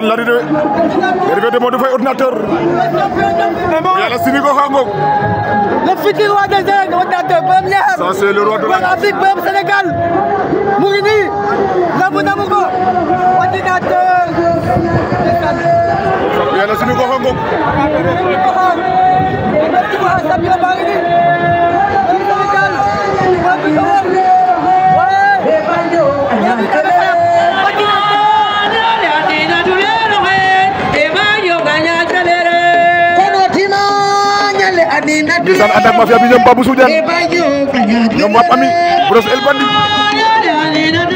l'arrivée l'arrivée de Modou Faye ordinateur yàlla sini ko xangog le futur roi des arènes ordinateur borom ñaar ça c'est le roi de l'Afrique borom Sénégal mu ngi nii lambu namu ko ordinateur yàlla sini ndeysaan ànd ak mafia bi ñoom Babou Soudiane ñoom Wap Ami Brosse El Bandit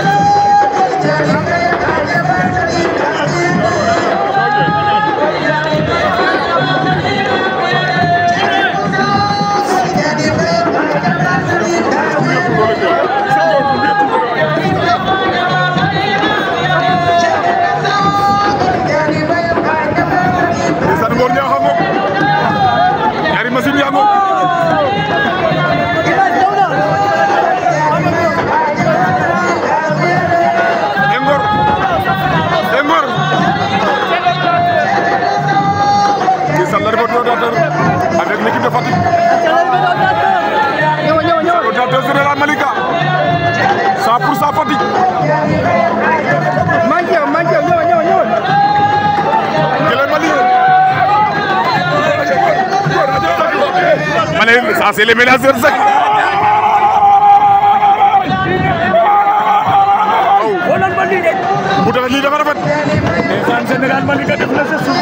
allez, ça c'est les menaceurs secs. bu tax lii dafa rafet. Sénégal man li nga def la